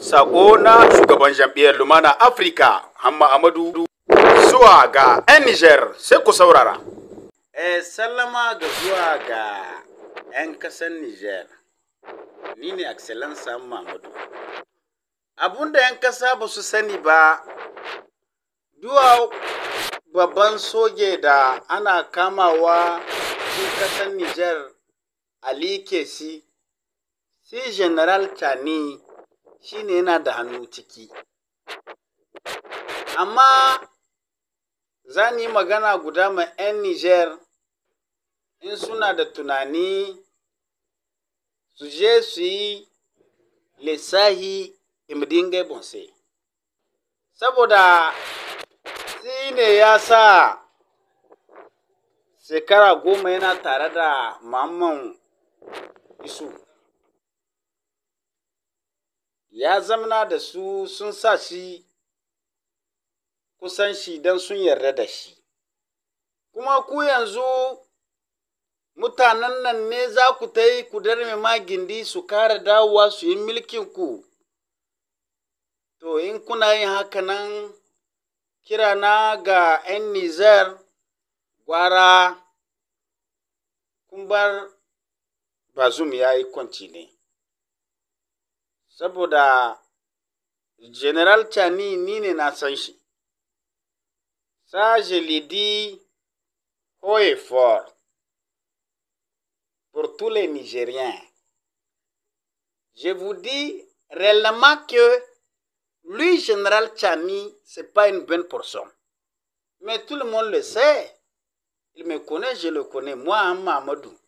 Sako na shugaban jam'iyyar Lumana Afirka, Hamma Amadu, zuwa ga 'yan niger sai ku saurara. Eh, sallama ga zuwa ga 'yan kasan niger ni ne Excellence Hamma Amadu. abinda 'yan kasa ba su sani ba, duwa babban soje da ana kamawa cikin kasan Nijar Ali Kesi, si General Tani. shi ne yana da hannu ciki amma za ni magana guda ma 'yan niger in suna da tunani su je su yi lissahi imdinga bonse saboda ne ya sa shekara goma yana tare da mamman isu ya zamna da su sun sa shi kusan shi don sun yarda da shi kuma ku yanzu mutanen nan ne za ku ta yi ku darme magindi su kara dawowa su yi milkin to in kuna yin haka nan kirana ga 'yan Nizar gwara kumbar bazum ya yi kwanci ne saboda general chani Nini na ça je l'ai dit haut et fort pour tous les Nigériens. Je vous dis réellement que lui, général Chani, c'est pas une bonne personne. Mais tout le monde le sait. Il me connaît, je le connais. Moi, hein, Mamadou.